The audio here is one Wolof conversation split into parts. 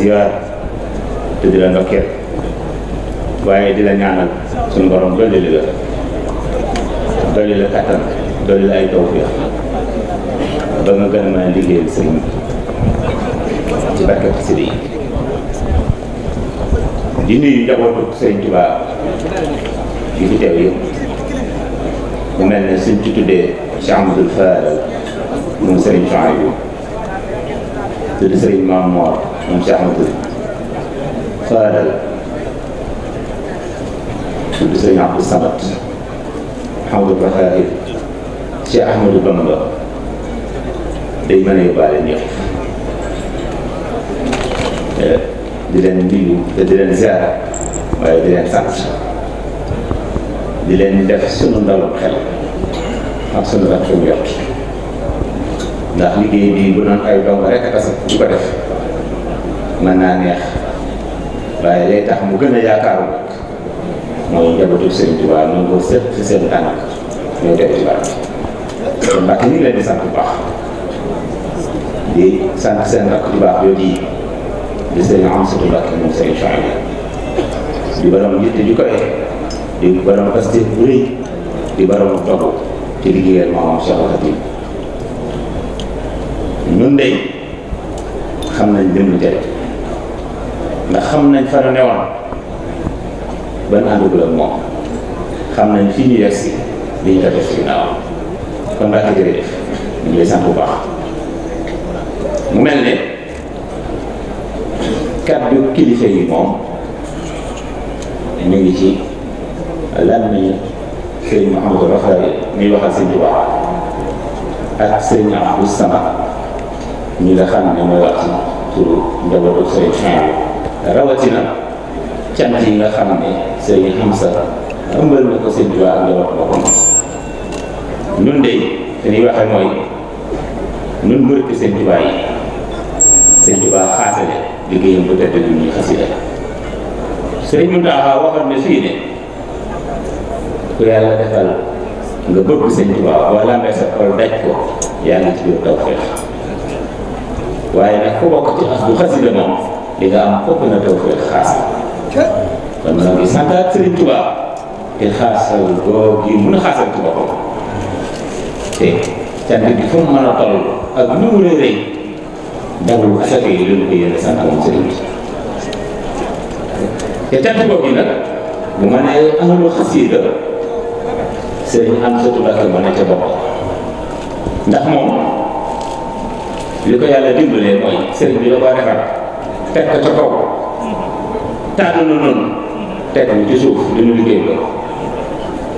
ziyaar te di la ndokkeel waaye di la ñaanal suñu borom la dolli la kattan dolli la ay tawfiq ba nga gën a mën a liggéeyal sëriñ bi ci barke xasida yi di nuyu njabootu sëriñ Tuubaa yi fi teew yëpp mu mel ne suñ ci tuddee Cheikh Amadou Fall moom sëriñ Chouaïbou tudd sëriñ Maam Mor moom Cheikh Ahmadou Fadal tudd Sëriñ Abdou Samad Mouhamadou Bakhaari Cheikh Ahmadou Bamba day mën a yóbbaale ñëpp eh, di leen nuyu te di leen ziar waaye di leen sant di leen def sunu ndalum xel ak sunu rafetlu njort ndax liggéey bii bu doon ay dong rek a tasa du ko def. mën naa neex waaye lay tax mu gën a yaakaaru mooy njabootu Sëriñ Tuubaa nangoo sëpp si seen tànk ñoo teg ci barke kon Mbàkke ñu ngi leen di sant bu baax di sant seen rakk bu baax yooyu di di sëriñ Amsatu Mbàkke moom sëriñ Chouaïb di borom yitte ju koy di borom pastif bu rëy di borom dogu ci liggéeyal maamam Cheikh Khadim ñun de xam nañ jëm lu ndax xam nañ fa nu newoon ban àndugul ak moom xam nañ fi ñu yegg si li ko def ginnaaw kon mbàkk jërëjëf ñu lay sant bu baax mu mel ne kaddu kilifa yi moom ñu ngi ci lan nañu sëriñ Mouhamadou Rafaay muy waxal sëriñ Tuubaa ak sëriñ Abdou Sama ñi nga xam ne mooy wax turu njabootu sëriñ Tuubaa rawatina cant yi nga xam ne sëriñ Hamza ëmbal na ko sëñ Tuubaa ak njaboot boppam ñun de te ñuy waxe mooy yi sëñ Tuubaa xaasale liggéeyam bu tedd bi ñuy xasida sëriñ Muntaxa waxoon ne fii ne ku yàlla defal nga bëgg sëñ Tuubaa wala nga sa xol daj ko yaa ngi ci biir tawfeex waaye nag ku bokk ci as bu xasida moom li nga am foofu na taw fee xaas kon maa ngi Sëriñ Tuba te xaasal boo gi mun a xaasal Tuba moom li ko yàlla dimbalee mooy sëriñ bi da koo defar teg ko ca kaw tànn na noonu teg ñu ci suuf li ñu liggéey ko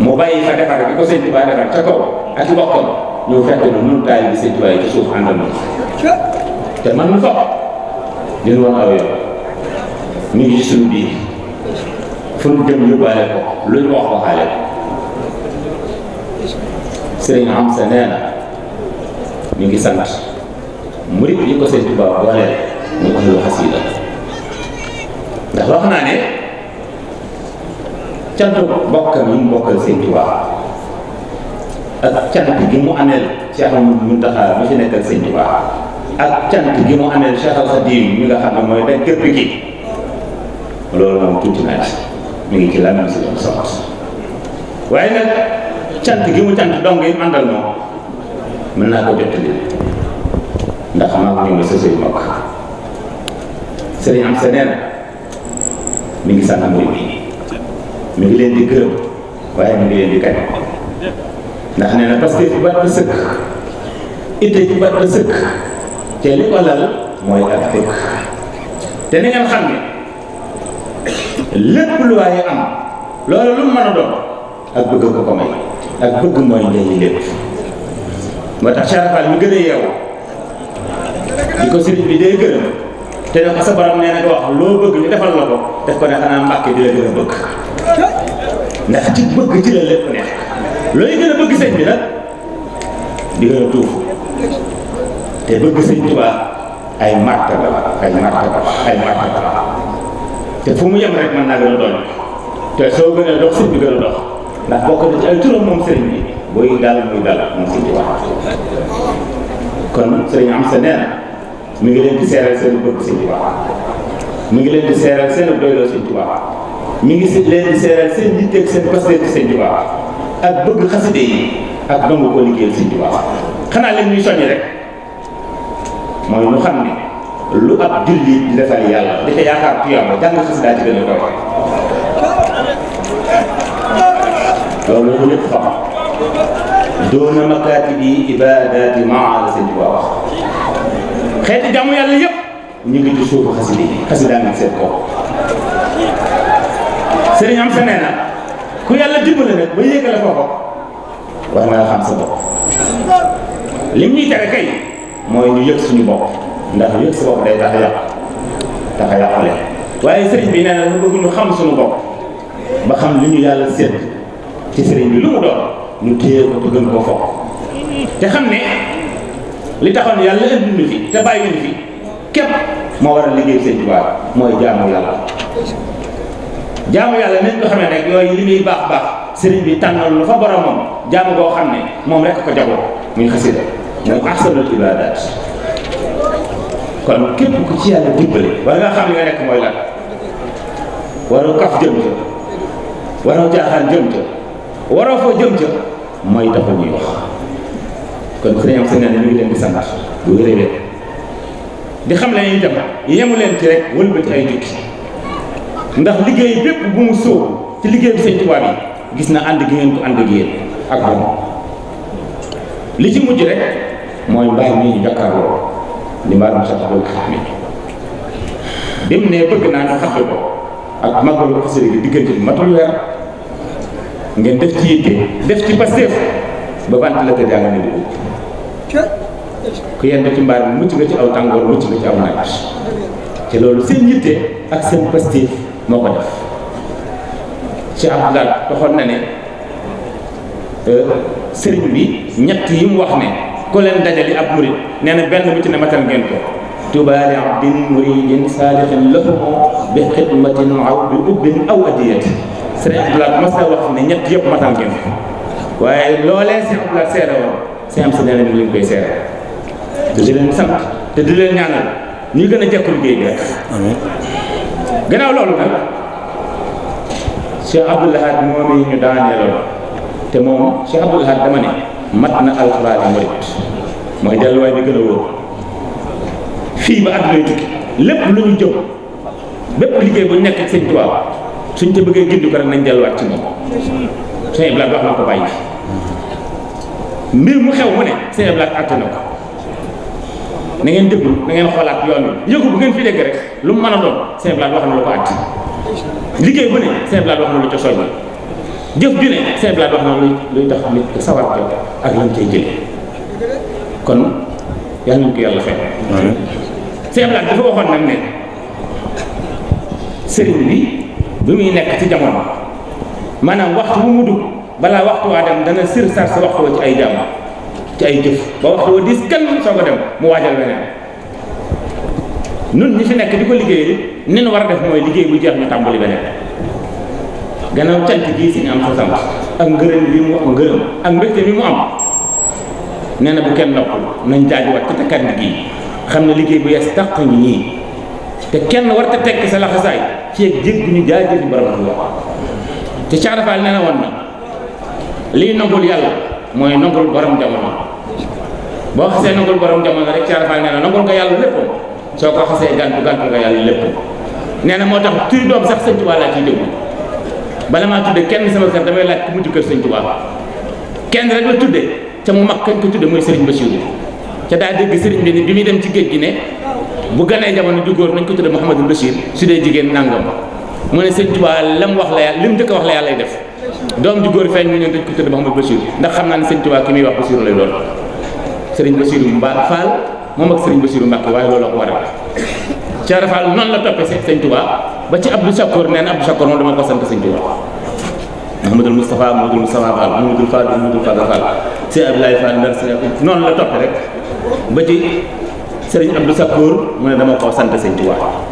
mu bàyyi fa defar bi ko sëñ Tuubaa defar ca kaw ak i bokkam ñu fekk na nun taal bi sëñ Tuubaa yi ci suuf àndal na te man nu fopp li wax waxaale ko sëriñ am sa ñu ngi sant murit yi ko sëñ Tuubaa boole xasida ndax wax naa ne cantu bokkam yi mu bokkal sëñ Tuubaa ak cant gi mu ameel Cheikh Ahmadou Mountakha mu fi nekkal sëñ Tuubaa ak cant gi mu ameel Cheikh Al Khadim mi nga xam ne mooy daj képp ki loolu moom tuuti naa ci mi ngi ci làmmiñ si doon sot waaye nag cant gi mu cant dong yi àndal moom mën naa ko jot li ndax maa ngi ñu ngi sa sëriñ kan. nah, am sa neen mi ngi sant mbir mi mi ngi leen di gërëm waaye mi ngi leen di kañ ndax nee na parce que ci bat ba sëkk itte ci bat ba sëkk te li ko lal mooy ak dëkk te ni ngeen xam ne lu waaye am loolu lu mën a ak bëgg ko ko may ak bëgg mooy ndey lépp moo tax Cheikh mi gën a yeewu sëriñ bi day gërëm te ne ko sa loo bëgg ñu defal la ko def ko ne xanaa mbàkke di la gën a bëgg ndax ci bëgg ci la lépp neex looy gën a bëgg sëñ bi nag di gën a tuuf te bëgg sëñ Tuubaa ay martaba ay martaba ay martaba te fu mu yem rek mën naa gën a doon te soo gën a dox sëñ bi gën a dox ndax bokk na ci ay turam moom sëriñ bi booy dal muy dal moom sëñ Tuubaa kon sëriñ am sa nee mi ngi leen di seeral seen bëgg sëñ Tuubaa mi ngi leen di seeral seen doyloo sëñ Tuubaa mi ngi leen di seeral seen yitteeg seen pasteef sëñ Tuubaa ak bëgg xaside yi ak nangu ko liggéeyal sëñ Tuubaa xanaa leen ñuy soññ rek mooy ñu xam ne lu ab jullit di defal yàlla di ko yaakaar tuyaama jàng xasida ci gën a doy loolu la ko ñëpp xam doona makaati bi ibaadaati maa la sëñ Tuubaa wax xéti jamu yàlla yëpp ñu ngi ci suufu xassidi xassida xasida ngi seen kaw sëriñ am sa nee na ku yàlla dimbale nak ba yéggalé ko ko wax na xam sa bokk lim ñuy tere kay moy ñu yëg suñu bokk ndax yëg suñu bokk day tax a yàq tax a yàqule waaye sëriñ bi nee na lu bëgg ñu xam suñu bokk ba xam li ñu yàlla sédd ci sëriñ bi lu mu doon ñu téye ko te gën koo foog te xam li taxoon yàlla indi ñu fi te bàyyi ñu fi képp moo war a liggéey sëñ Tuubaa mooy jaamu yàlla jaamu yàlla nañ ko xamee rek yooyu li muy baax baax sëriñ bi tànnal lu fa boromam jaamu boo xam ne moom rek ko jagoo muy xasida muy ahsanul ibaadaat kon képp ku ci yàlla dimbale war nga xam li nga mooy lan waroo kaf jëm ca waroo jaaxaan jëm ca waroo foo jëm ca mooy dafa ñuy wax kon ku ne am sañ ñu ngi leen di sant bu wér-wér di xam leen itam yemu ci rek wëlbati ay jukki ndax liggéey bépp bu mu sóob ci liggéey bi sëñ Tuubaa bi gis na ànd gi ngeen ko ànd ak ak moom li ci mujj rek mooy mbaar mi ñu jàkkaarloo di mu ne bëgg naa ñu xàppe ko ak magalu xasida diggante bi matul weer ngeen def ci yitte def ci pasteef ba bant la ko jàng ne ku yendu ci mbaar mi mucc nga ci aw tàngoor mucc nga ci aw naaj te loolu si yitte ak seen pastif moo ko def ci ab laaj waxoon na ne euh, sëriñ bi ñett yi mu wax ne ku leen dajali ab murit nee na benn bu ne matal ngeen ko tubaali abdin muridin saalixin lahumu bi xidmatin aw bi ubbin aw adiyati sëriñ Abdoulaye mas a wax ne ñett yëpp matal ngeen waaye loolee si Abdoulaye seere woon sëñ am si nee nañu ñu ngi koy seer di leen sant te di leen ñaanal ñuy gën a jekku liggéey bi rek gannaaw loolu nag Cheikh Abdoul Ahad moom yi ñu daaneeloon te moom Cheikh Abdoul dama ne mat na alxuraani murit mooy delluwaay bi gën a wóor fii ba àddunay tukki lépp lu ñu jëm bépp liggéey bu nekk ak sëñ su suñ te bëggee gindi ko rek nañ delluwaat ci moom sëñ Ibrahima wax na ko bàyyi mbir mu xew mu ne sëñ Abdu Lahat na ko na ngeen déglu na xoolaat yoon wi yëgu bu ngeen fi dégg rek lu mu mën a doon sëñ Abdu Lahat wax na lu ko àtte liggéey bu ne sëñ Abdu wax na lu ca soññi jëf ju ne na luy tax nit sawar ko ak lan cay jële kon yal nañ ko yàlla fay sëñ Abdu Lahat dafa waxoon nag ne sëriñ bi bi muy nekk ci jamono maanaam waxtu bu mu dugg balaa waxtu waa dem dana sir sar sa waxtu ci ay jàmm ci ay jëf ba waxtu wa diis kenn soo ko dem mu waajal leneen nun ñi fi nekk di ko liggéeyee ni ñu war a def mooy liggéey bu jeex ñu tàmbali beneen gannaaw cant gii si ñu am sa sant ak ngërëm bi mu ngërëm ak mbégte bi mu am nee na bu kenn noppal nañ jaajuwaat ci takkat gi xam ne liggéey bu yees taq ñu ñii te kenn war te tekk sa laxasaay ci yëg jég bu ñu jaajëf borom bi wax te Cheikh Rafal lii nangul yàlla mooy nangul borom jamono boo xasee nangul borom jamono rek Cheikh Fall nee na nangul nga yàlla lépp soo ko xasee gàntu gàntu nga yàlla lépp nee na moo tax turi doom sax sëñ Tuubaa laa ciy déglu bala maa tudde kenn sama kër damay laaj ku mujj kër sëñ Tuubaa kenn rek la tudde ca mu mag kañ ko tudde mooy sëriñ Basiiru ca daa dégg sëriñ bi ni bi muy dem ci géej gi ne bu ganee jamono ju góor nañ ko tudde Mouhamadou Bachir su dee jigéen nangam mu ne sëñ Tuubaa lam wax la yàlla lim njëkk a wax la yàlla lay def doom ju góor feeñ mu ñëw dañ ko tudd Mouhamadou Bachir ndax xam naa ne sëñ Tuubaa ki muy wax Bachir lay doon sëriñ Bachir Mba Fall moom ak sëriñ Bachir Mbacke waaye loolu la ko waral Cheikh Fall noonu la toppee seen sëñ Tuubaa ba ci Abdou Sakkoor nee na Abdou Sakkoor moom dama ko sant sëñ Tuubaa Mouhamadoul Moustapha Mouhamadoul Moustapha Fall Mouhamadoul Fadal Mouhamadoul Fadal Fall Cheikh Abdoulaye Fall Ndar Cheikh noonu la toppee rek ba ci sëriñ Abdou Sakkoor mu dama ko sant sëñ Tuubaa